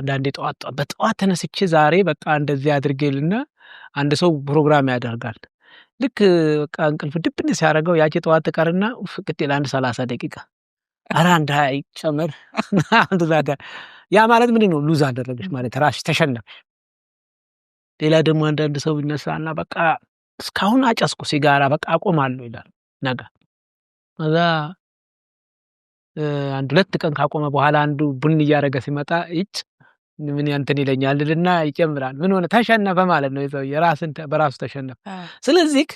አንዳንዴ ጠዋት በጠዋት ተነስቼ ዛሬ በቃ እንደዚህ አድርጌልና አንድ ሰው ፕሮግራም ያደርጋል። ልክ በቃ እንቅልፍ ድብን ሲያደርገው ያቺ ጠዋት ቀርና ኡፍ ለአንድ ሰላሳ ደቂቃ ኧረ አንድ ሀይ ጨምር ያ ማለት ምንድን ነው? ሉዝ አደረገች ማለት ራሽ ተሸነፍሽ። ሌላ ደግሞ አንዳንድ ሰው ይነሳና በቃ እስካሁን አጨስኩ ሲጋራ በቃ አቆማለሁ ይላል። ነገ ከዛ አንድ ሁለት ቀን ካቆመ በኋላ አንዱ ቡን እያደረገ ሲመጣ ይጭ ምን ያንተን ይለኛል ልልና ይጨምራል። ምን ሆነ ተሸነፈ ማለት ነው ይዘው የራስን በራሱ ተሸነፈ። ስለዚህ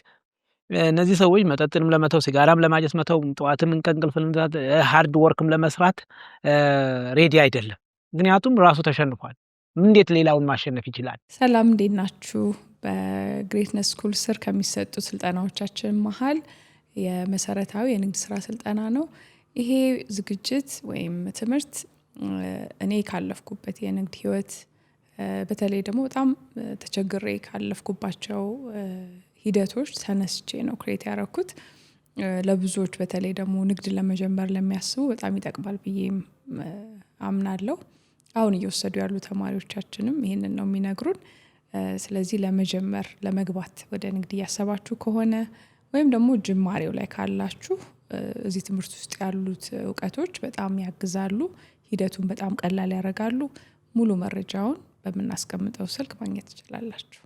እነዚህ ሰዎች መጠጥንም ለመተው ሲጋራም ለማጨስ መተው ጠዋትም እንቀንቅልፍ ሀርድ ወርክም ለመስራት ሬዲ አይደለም። ምክንያቱም ራሱ ተሸንፏል። እንዴት ሌላውን ማሸነፍ ይችላል? ሰላም፣ እንዴት ናችሁ? በግሬትነስ ስኩል ስር ከሚሰጡ ስልጠናዎቻችን መሀል የመሰረታዊ የንግድ ስራ ስልጠና ነው። ይሄ ዝግጅት ወይም ትምህርት እኔ ካለፍኩበት የንግድ ህይወት በተለይ ደግሞ በጣም ተቸግሬ ካለፍኩባቸው ሂደቶች ተነስቼ ነው ክሬት ያረኩት ለብዙዎች በተለይ ደግሞ ንግድ ለመጀመር ለሚያስቡ በጣም ይጠቅማል ብዬም አምናለሁ። አሁን እየወሰዱ ያሉ ተማሪዎቻችንም ይህንን ነው የሚነግሩን። ስለዚህ ለመጀመር ለመግባት ወደ ንግድ እያሰባችሁ ከሆነ ወይም ደግሞ ጅማሬው ላይ ካላችሁ እዚህ ትምህርት ውስጥ ያሉት እውቀቶች በጣም ያግዛሉ፣ ሂደቱን በጣም ቀላል ያደርጋሉ። ሙሉ መረጃውን በምናስቀምጠው ስልክ ማግኘት ትችላላችሁ።